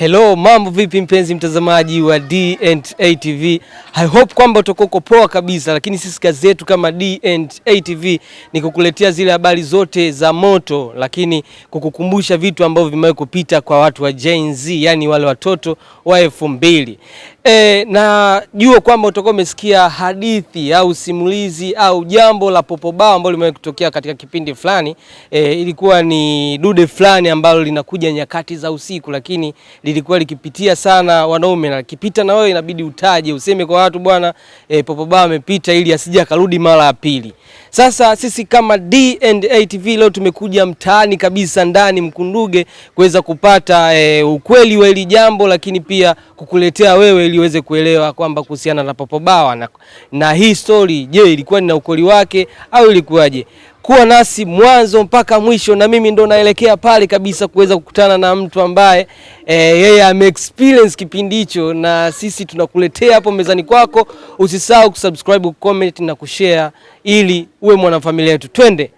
Hello, mambo vipi mpenzi mtazamaji wa D&A TV. I hope kwamba utakuwa uko poa kabisa, lakini sisi kazi yetu kama D&A TV ni kukuletea zile habari zote za moto, lakini kukukumbusha vitu ambavyo vimewahi kupita kwa watu wa Gen Z, yani wale watoto wa elfu mbili. E, na jua kwamba utakuwa umesikia hadithi au simulizi au jambo la popobao ambalo limewahi kutokea katika kipindi fulani. E, ilikuwa ni dude fulani ambalo linakuja nyakati za usiku, lakini lilikuwa likipitia sana wanaume, na kipita na wewe inabidi utaje useme kwa watu bwana, e, popobao amepita, ili asije akarudi mara ya pili. Sasa sisi kama D&A TV leo tumekuja mtaani kabisa ndani Mkunduge kuweza kupata e, ukweli wa hili jambo, lakini pia kukuletea wewe ili uweze kuelewa kwamba kuhusiana na popo Bawa na, na hii story, je, ilikuwa ni na ukweli wake au ilikuwaje? kuwa nasi mwanzo mpaka mwisho, na mimi ndo naelekea pale kabisa kuweza kukutana na mtu ambaye e, yeye ame experience kipindi hicho, na sisi tunakuletea hapo mezani kwako. Usisahau kusubscribe, comment na kushare ili uwe mwanafamilia yetu, twende.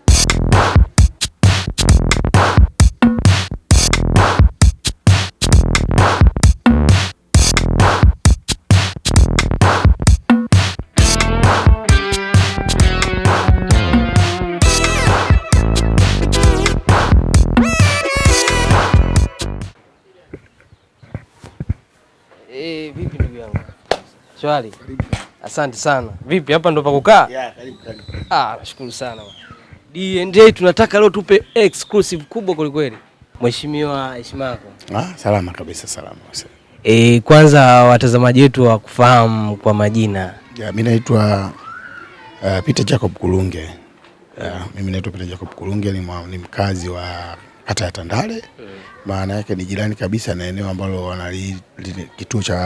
Shwari. Asante sana. Vipi hapa ndo pa kukaa? Yeah, karibu karibu. Ah, nashukuru sana. D&A tunataka leo tupe exclusive kubwa kuliko kweli. Mheshimiwa, heshima yako. Ah, salama kabisa, salama. Eh, kwanza watazamaji wetu wa kufahamu kwa majina. Yeah, mimi naitwa uh, Peter Jacob Kulunge. Uh, mimi naitwa Peter Jacob Kulunge ni, ni mkazi wa hata ya Tandale eh. maana yake ni jirani kabisa na eneo ambalo wana kituo cha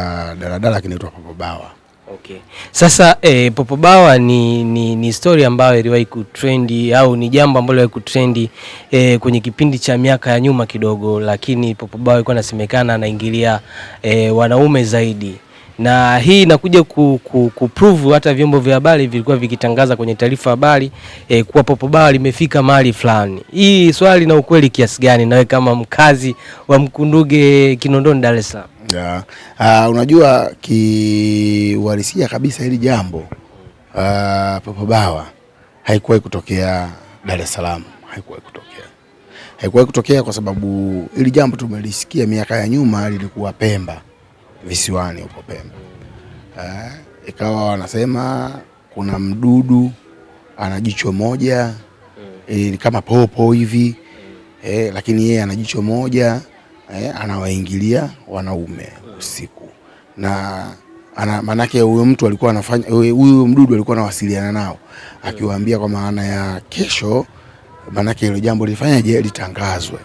daladala kinaitwa Popobawa. Okay. Sasa eh, Popobawa ni, ni, ni story ambayo iliwahi kutrendi au ni jambo ambalo iliwahi kutrendi eh, kwenye kipindi cha miaka ya nyuma kidogo, lakini Popobawa ilikuwa inasemekana anaingilia eh, wanaume zaidi na hii inakuja ku, ku, prove hata vyombo vya habari vilikuwa vikitangaza kwenye taarifa habari e, kuwa popo baa limefika mahali fulani. Hii swali na ukweli kiasi gani, nawe kama mkazi wa Mkunduge, Kinondoni, Dar es Salaam? Yeah. Uh, unajua kiuhalisia kabisa hili jambo uh, ah, popo bawa haikuwahi kutokea Dar es Salaam, haikuwahi kutokea, haikuwahi kutokea kwa sababu hili jambo tumelisikia miaka ya nyuma lilikuwa Pemba visiwani huko Pemba. Eh, ikawa wanasema kuna mdudu ana jicho moja mm. eh, ni e, kama popo hivi e, lakini yeye ana jicho moja e, anawaingilia wanaume usiku na ana manake huyo mtu alikuwa anafanya, huyo mdudu alikuwa anawasiliana nao akiwaambia kwa maana ya kesho, manake hilo jambo lilifanyaje litangazwe.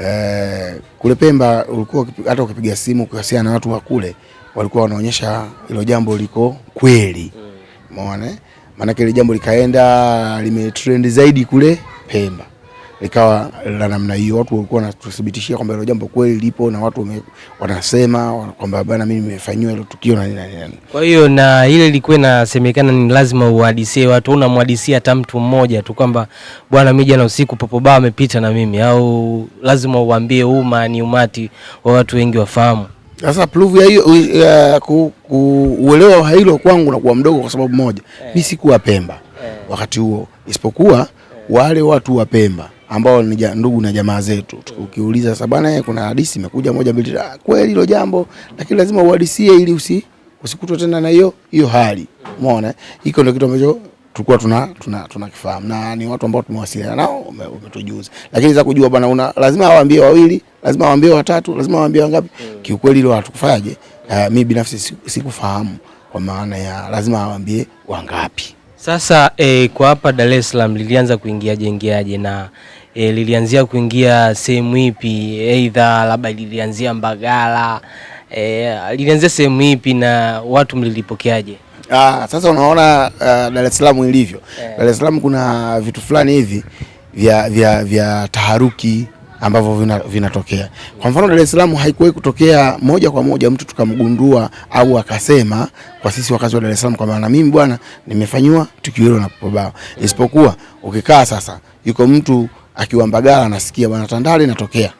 Eh, kule Pemba ulikuwa hata ukipiga simu ukasiana na watu wa kule walikuwa wanaonyesha hilo jambo liko kweli. Mm. Umeona? Eh? Maana ile jambo likaenda limetrend zaidi kule Pemba ikawa la namna hiyo. Watu walikuwa wanatuthibitishia kwamba hilo jambo kweli lipo na watu wame, wanasema kwamba bana, mimi nimefanyiwa hilo tukio na nini Kwa hiyo na ile ilikuwa inasemekana ni lazima uhadisie watu, unamhadisia hata mtu mmoja tu kwamba bwana, mimi jana usiku popo baa amepita na mimi, au lazima uambie umma, ni umati wa watu wengi wafahamu. Sasa pluvu ya hiyo kuuelewa hilo kwangu na kuwa mdogo kwa sababu moja, mimi eh. sikuwa Pemba wakati huo, isipokuwa eh. wale watu wa Pemba ambao ni ndugu na jamaa zetu. Ukiuliza sasa bwana, eh, kuna hadithi imekuja moja mbili, ah, kweli hilo jambo, lakini lazima uhadisie ili usi usikutwe tena na hiyo hiyo hali. Umeona, hiko ndio kitu ambacho tulikuwa tuna tunakifahamu tuna na ni watu ambao tumewasiliana nao umetujuza, lakini za kujua bwana, una lazima awaambie wawili, lazima awaambie watatu, lazima awaambie wangapi. Mm. Kiukweli hilo hatukufaje. Uh, ah, mimi binafsi sikufahamu si kwa maana ya lazima awaambie wangapi. Sasa eh, kwa hapa Dar es Salaam lilianza kuingia jengeaje na e, lilianzia kuingia sehemu ipi, aidha labda lilianzia Mbagala e, lilianzia sehemu ipi na watu mlilipokeaje? Ah, sasa unaona uh, Dar es Salaam ilivyo yeah. Dar es Salaam kuna vitu fulani hivi vya, vya, vya taharuki ambavyo vinatokea vina kwa mfano Dar es Salaam haikuwahi kutokea moja kwa moja mtu tukamgundua au akasema kwa sisi wakazi wa Dar es Salaam kwa maana mimi bwana nimefanyiwa tukio hilo na pobawa, isipokuwa ukikaa sasa, yuko mtu akiwa Mbagala anasikia bwana Tandale inatokea.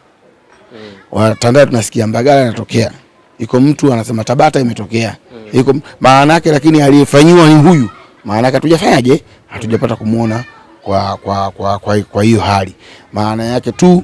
Wa Tandale tunasikia Mbagala inatokea. Iko mtu anasema Tabata imetokea. Hmm. Iko maana yake, lakini aliyefanyiwa ni huyu. Maana yake hatujafanyaje? Hatujapata kumuona kwa kwa kwa kwa, kwa hiyo hali. Maana yake tu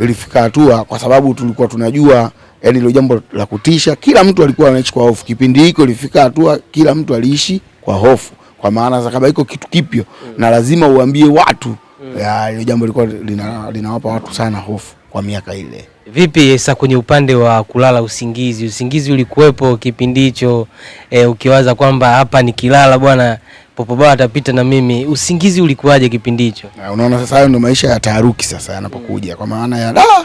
ilifika hatua kwa sababu tulikuwa tunajua yani ile jambo la kutisha, kila mtu alikuwa anaishi kwa hofu. Kipindi hicho ilifika hatua kila mtu aliishi kwa hofu, kwa maana za kama iko kitu kipyo hmm. na lazima uambie watu Mm. hilo jambo lilikuwa linawapa lina watu sana hofu kwa miaka ile. Vipi sasa kwenye upande wa kulala usingizi, usingizi ulikuwepo kipindi hicho e, ukiwaza kwamba hapa nikilala bwana popo baba atapita na mimi, usingizi ulikuwaje kipindi hicho? Unaona, sasa hayo ndio maisha ya taharuki sasa yanapokuja, kwa maana ya ah!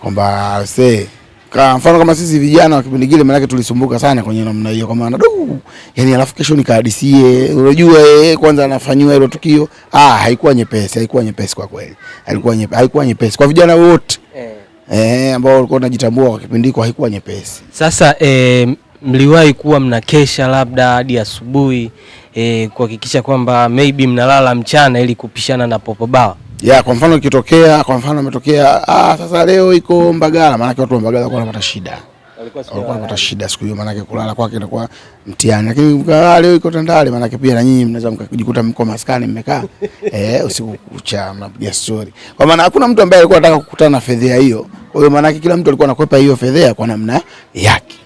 kwamba see kwa mfano kama sisi vijana wa kipindi kile, maana tulisumbuka sana kwenye namna hiyo, kwa maana du, yani alafu kesho nikahadisie, unajua yeye eh, kwanza anafanywa hilo tukio. Ah, haikuwa nyepesi, haikuwa nyepesi kwa kweli, haikuwa nyepesi, haikuwa nyepesi kwa vijana wote eh, eh ambao walikuwa wanajitambua kwa kipindi hicho, haikuwa nyepesi. Sasa eh, mliwahi kuwa mnakesha labda hadi asubuhi eh, kuhakikisha kwamba maybe mnalala mchana ili kupishana na Popo Baa? ya kwa mfano ikitokea, kwa mfano ametokea ah, sasa leo iko Mbagala, maanake watu wa Mbagala kwa wanapata shida, walikuwa wanapata shida siku hiyo, maanake kulala kwake inakuwa mtihani. Lakini ah, leo iko Tandale, maanake pia na nyinyi mnaweza mkajikuta mko maskani mmekaa eh, usiku kucha mnapiga story, kwa maana hakuna mtu ambaye alikuwa anataka kukutana na fedhea hiyo. Kwa hiyo maanake kila mtu alikuwa anakwepa hiyo fedhea kwa namna yake.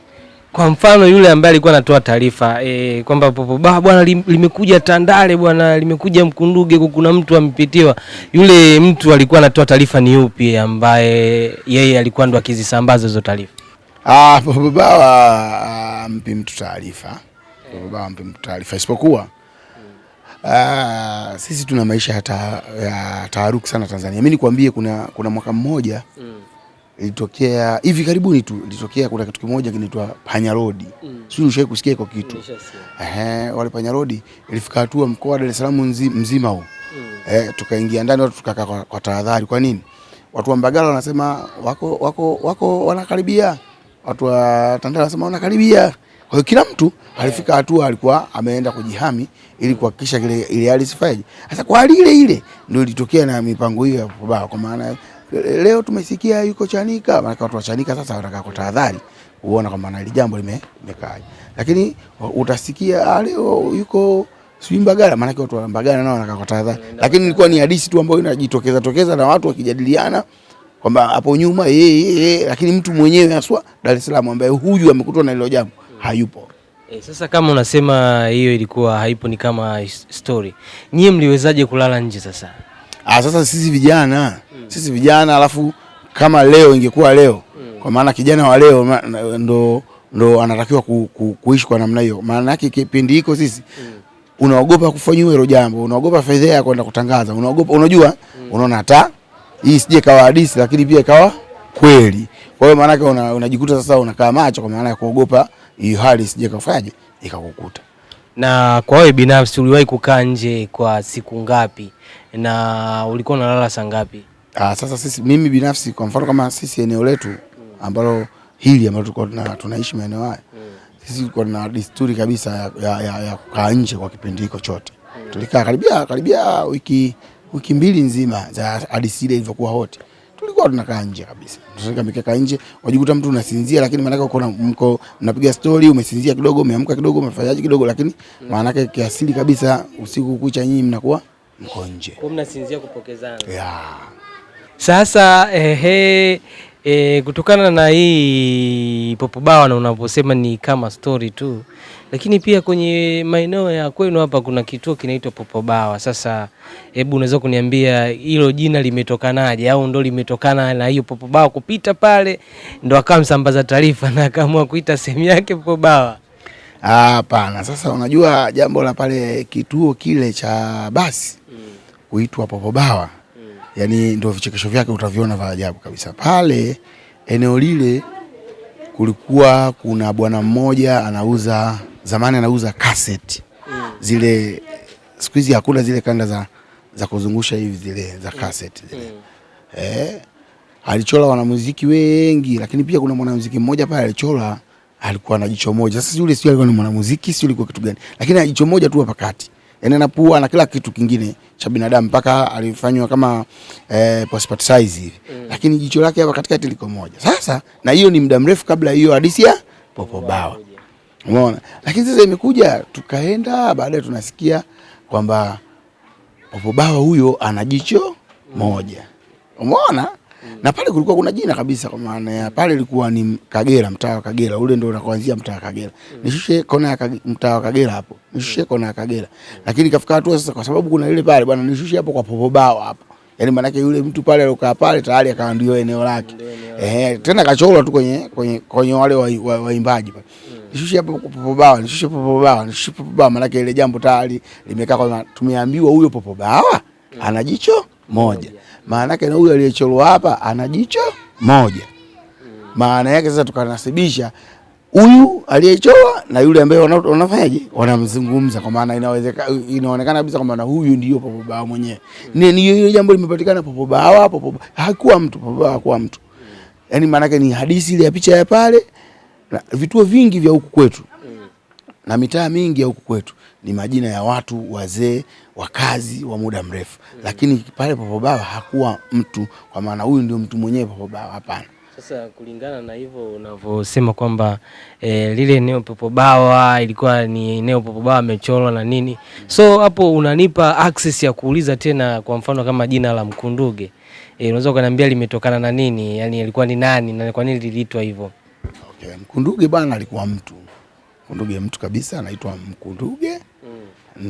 Kwa mfano yule ambaye alikuwa anatoa taarifa e, kwamba popo bwana limekuja Tandale bwana limekuja Mkunduge, kuna mtu amepitiwa. Yule mtu alikuwa anatoa taarifa ni yupi ambaye yeye alikuwa ndo akizisambaza hizo taarifa? Ah, popo baba ah, mpi mtu taarifa, popo baba mpi mtu taarifa, isipokuwa ah, sisi tuna maisha ya taharuki sana Tanzania. Mimi nikwambie, kuna kuna mwaka mmoja mm ilitokea hivi karibuni tu, ilitokea kuna kitu kimoja kinaitwa panyarodi mm. Sio ushawahi kusikia hiko kitu ehe, wale panyarodi ilifika hatua mkoa wa Dar es Salaam mzi, mzima huu mm. Eh, tukaingia ndani watu tukakaa kwa, kwa tahadhari. Kwa nini watu wa Mbagala wanasema wako wako wako wanakaribia, watu wa Tandale wanasema wanakaribia. Kwa hiyo kila mtu alifika eh. hatua alikuwa ameenda kujihami ili kuhakikisha ile ile hali isifaje. Sasa kwa hali ile ile ndio ilitokea na mipango hiyo ya kwa maana leo tumesikia yuko Chanika, maana watu wa Chanika sasa wanataka kwa tahadhari, uone kwamba na ile jambo limekaa. Lakini utasikia leo yuko sijui Mbagala, maana watu wa Mbagala nao wanataka kwa tahadhari. Lakini ilikuwa ni hadithi tu ambayo inajitokeza tokeza na watu wakijadiliana kwamba hapo nyuma ye, eh, ye, eh, ye, eh. lakini mtu mwenyewe haswa Dar es Salaam ambaye huyu amekutwa na ile jambo hayupo. E, sasa kama unasema hiyo ilikuwa haipo ni kama story. Nyie mliwezaje kulala nje sasa? Ah, sasa sisi vijana sisi vijana, alafu kama leo ingekuwa leo, kwa maana kijana wa leo ndo ndo anatakiwa ku, ku, kuishi kwa namna hiyo. Maana yake kipindi hiko sisi mm. unaogopa kufanya hilo jambo, unaogopa fedha ya kwenda kutangaza, unaogopa unajua, mm. unaona hata hii sije kawa hadithi, lakini pia ikawa kweli. Kwa hiyo maana yake unajikuta una sasa unakaa macho, kwa maana ya kuogopa hiyo hali sije kafanyaje ikakukuta. Na kwa wewe binafsi uliwahi kukaa nje kwa siku ngapi na ulikuwa unalala saa ngapi? Ah, sasa sisi mimi binafsi kwa mfano kama sisi eneo letu ambalo hili ambalo tulikuwa tuna, tunaishi maeneo haya sisi tulikuwa tuna desturi kabisa ya, ya, ya, ya kukaa nje kwa kipindi hicho chote. Tulikaa karibia karibia wiki wiki mbili nzima za adisile ilivyokuwa hoti. Tulikuwa tunakaa nje kabisa. Tunataka mikeka nje, wajikuta mtu unasinzia lakini maana uko mko mnapiga story, umesinzia kidogo, umeamka kidogo, umefanyaje kidogo lakini maana yake kiasili kabisa usiku kucha nyinyi mnakuwa mko nje. Kwa mnasinzia kupokezana. Yeah. Sasa ehe, e, kutokana na hii Popo Bawa na unavyosema ni kama story tu, lakini pia kwenye maeneo ya kwenu hapa kuna kituo kinaitwa Popo Bawa. Sasa hebu unaweza kuniambia hilo jina limetokanaje, au ndo limetokana na hiyo Popo Bawa kupita pale ndo akamsambaza taarifa na akaamua kuita sehemu yake Popo Bawa? Hapana. Sasa unajua jambo la pale kituo kile cha basi kuitwa mm. Popo Bawa yani ndio vichekesho vyake utaviona vya ajabu kabisa. Pale eneo lile kulikuwa kuna bwana mmoja anauza, zamani anauza kaseti mm. zile, siku hizi hakuna zile kanda za, za kuzungusha hivi zile za kaseti mm. zile mm. eh, alichora wanamuziki wengi, lakini pia kuna mwanamuziki mmoja pale alichora, alikuwa na jicho moja. Sasa yule sio alikuwa ni mwanamuziki sio, alikuwa kitu gani, lakini ana jicho moja tu hapa kati yani na pua na kila kitu kingine cha binadamu mpaka alifanywa kama eh, passport size hivi mm. Lakini jicho lake hapa katikati liko moja. Sasa na hiyo ni muda mrefu kabla hiyo hadithi ya popo bawa, umeona. Lakini sasa imekuja tukaenda, baadaye tunasikia kwamba popo bawa huyo ana jicho mm. moja, umeona mm. Na pale kulikuwa kuna jina kabisa, kwa maana ya pale ilikuwa ni Kagera, mtaa wa Kagera ule ndio unakoanzia mtaa wa Kagera mm. Nishushe kona ya mtaa wa Kagera hapo nishushe kona Kagera, lakini kafika hatua sasa, kwa sababu kuna ile pale bwana, nishushe hapo kwa popo bao hapo, yani maana yule mtu pale aliyokaa pale tayari akawa ndio eneo lake eh, tena kachora tu kwenye kwenye kwenye wale waimbaji pale, hmm. nishushe hapo kwa popo bao, nishushe popo bao, nishushe popo bao, maana yake ile jambo tayari limekaa kwa, tumeambiwa huyo popo bao hmm. ana jicho moja, maana na huyo aliyechorwa hapa ana jicho moja, hmm. maana yake sasa tukanasibisha huyu aliyechoa na yule ambaye wanafanyaje, wanamzungumza kwa maana inawezeka, inaonekana kabisa kwamba na huyu ndio Popo Bawa mwenyewe. Ni hiyo jambo limepatikana. Popo Bawa, Popo hakuwa mtu, Popo Bawa hakuwa mtu, yani maana yake ni hadithi ile ya picha ya pale na vituo vingi vya huku kwetu na mitaa mingi ya huku kwetu ni majina ya watu wazee, wakazi wa muda mrefu, lakini pale Popo Bawa hakuwa mtu, kwa maana huyu ndio mtu mwenyewe Popo Bawa, hapana. Sasa kulingana na hivyo unavyosema kwamba e, lile eneo popo Bawa ilikuwa ni eneo popo Bawa amechorwa na nini, so hapo unanipa access ya kuuliza tena, kwa mfano kama jina la Mkunduge e, unaweza ukaniambia limetokana na nini, yani alikuwa ni nani na kwa nini liliitwa hivyo? Okay, Mkunduge bana alikuwa mtu Mkunduge, mtu kabisa anaitwa Mkunduge mm.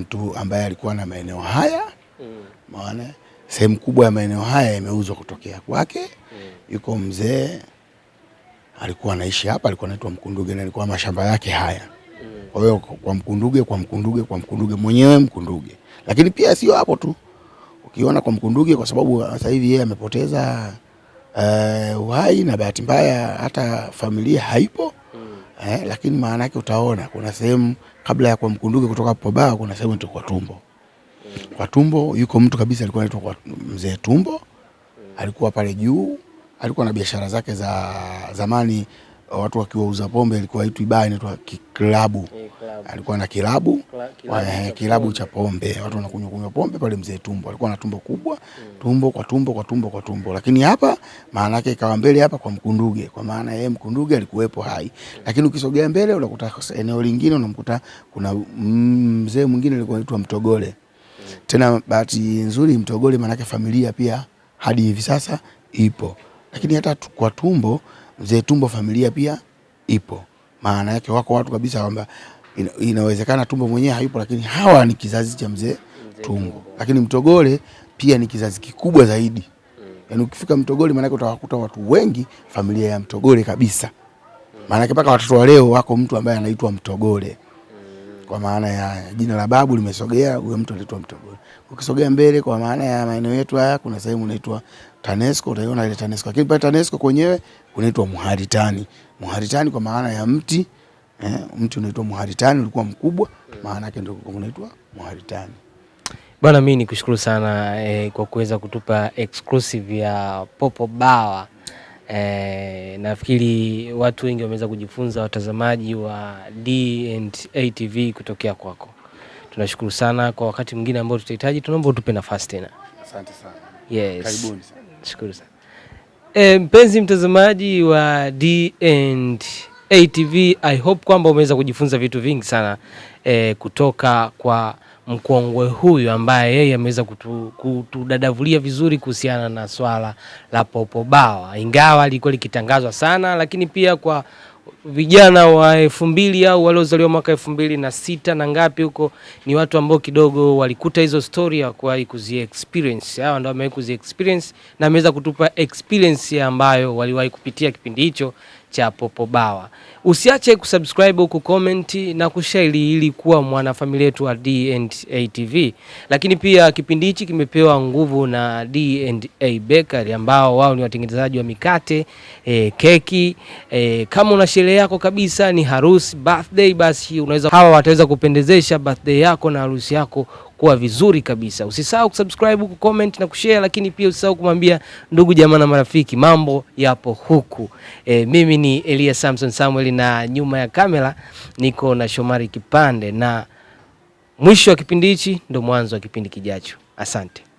mtu ambaye alikuwa na maeneo haya mm. maana sehemu kubwa ya maeneo haya imeuzwa kutokea kwake yuko mzee alikuwa anaishi hapa, alikuwa anaitwa Mkunduge na alikuwa mashamba yake haya. Mm. Kwa hiyo kwa Mkunduge, kwa Mkunduge, kwa Mkunduge mwenyewe Mkunduge. Lakini pia sio hapo tu, ukiona kwa Mkunduge, kwa sababu sasa hivi yeye amepoteza uh, uhai na bahati mbaya hata familia haipo mm. eh, lakini maana yake utaona kuna sehemu kabla ya kwa Mkunduge kutoka hapo Poba, kuna sehemu tu kwa Tumbo. Mm. Kwa Tumbo yuko mtu kabisa alikuwa anaitwa kwa Mzee Tumbo, alikuwa pale juu alikuwa na biashara zake za zamani, watu wakiwauza pombe ilikuwa haitwi baa, inaitwa kiklabu. Alikuwa na kilabu kilabu eh, cha pombe, watu wanakunywa kunywa pombe pale. Mzee Tumbo alikuwa na tumbo kubwa, mm. tumbo kwa tumbo kwa tumbo kwa tumbo, lakini hapa maana yake ikawa mbele hapa kwa Mkunduge, kwa maana yeye Mkunduge alikuwepo hai, lakini ukisogea mbele unakuta eneo lingine, unamkuta kuna mzee mwingine alikuwa anaitwa Mtogole. Mm. Tena bahati nzuri Mtogole maana yake familia pia hadi hivi sasa ipo lakini hata kwa tumbo, mzee tumbo familia pia ipo. Maana yake wako watu kabisa kwamba ina, inawezekana tumbo mwenyewe hayupo, lakini hawa ni kizazi cha mzee tumbo. Lakini mtogole pia ni kizazi kikubwa zaidi mm. Yaani ukifika mtogole maanake utawakuta watu wengi familia ya mtogole kabisa mm. Maanake mpaka watoto wa leo wako mtu ambaye anaitwa mtogole mm. Kwa maana ya jina la babu limesogea, huyo mtu anaitwa mtogole. Ukisogea mbele, kwa maana ya maeneo yetu haya, kuna sehemu inaitwa TANESCO utaiona ile TANESCO, lakini pale TANESCO kwenyewe unaitwa mharitani. Mharitani kwa maana ya mti eh, mti unaitwa mharitani, ulikuwa mkubwa maana yake ndio unaitwa mharitani. Bwana, mimi nikushukuru sana eh, kwa kuweza kutupa exclusive ya Popo Bawa. Eh, nafikiri watu wengi wameweza kujifunza, watazamaji wa D&A TV kutokea kwako. Tunashukuru sana. Kwa wakati mwingine ambao tutahitaji, tunaomba utupe nafasi tena. Asante sana. Yes. Karibuni sana. Shukuru sana e, mpenzi mtazamaji wa D&A TV, I hope kwamba umeweza kujifunza vitu vingi sana e, kutoka kwa mkongwe huyu ambaye yeye ameweza kutudadavulia vizuri kuhusiana na swala la popo bawa, ingawa lilikuwa likitangazwa sana, lakini pia kwa vijana wa elfu mbili au waliozaliwa mwaka elfu mbili na sita na ngapi huko, ni watu ambao kidogo walikuta hizo stori hawakuwahi experience. Hawa ndio wamewahi experience na ameweza kutupa experience ambayo waliwahi kupitia kipindi hicho cha Popo Bawa. Usiache kusubscribe, kukomenti na kushare ili kuwa mwanafamilia yetu wa D&A TV. Lakini pia kipindi hichi kimepewa nguvu na D&A Bakery ambao wao ni watengenezaji wa mikate e, keki e, kama una sherehe yako kabisa, ni harusi, birthday, basi unaweza hawa wataweza kupendezesha birthday yako na harusi yako kuwa vizuri kabisa. Usisahau kusubscribe, kucomment na kushare, lakini pia usisahau kumwambia ndugu jamaa na marafiki, mambo yapo huku. E, mimi ni Elia Samson Samuel na nyuma ya kamera niko na Shomari Kipande, na mwisho wa kipindi hichi ndo mwanzo wa kipindi kijacho. Asante.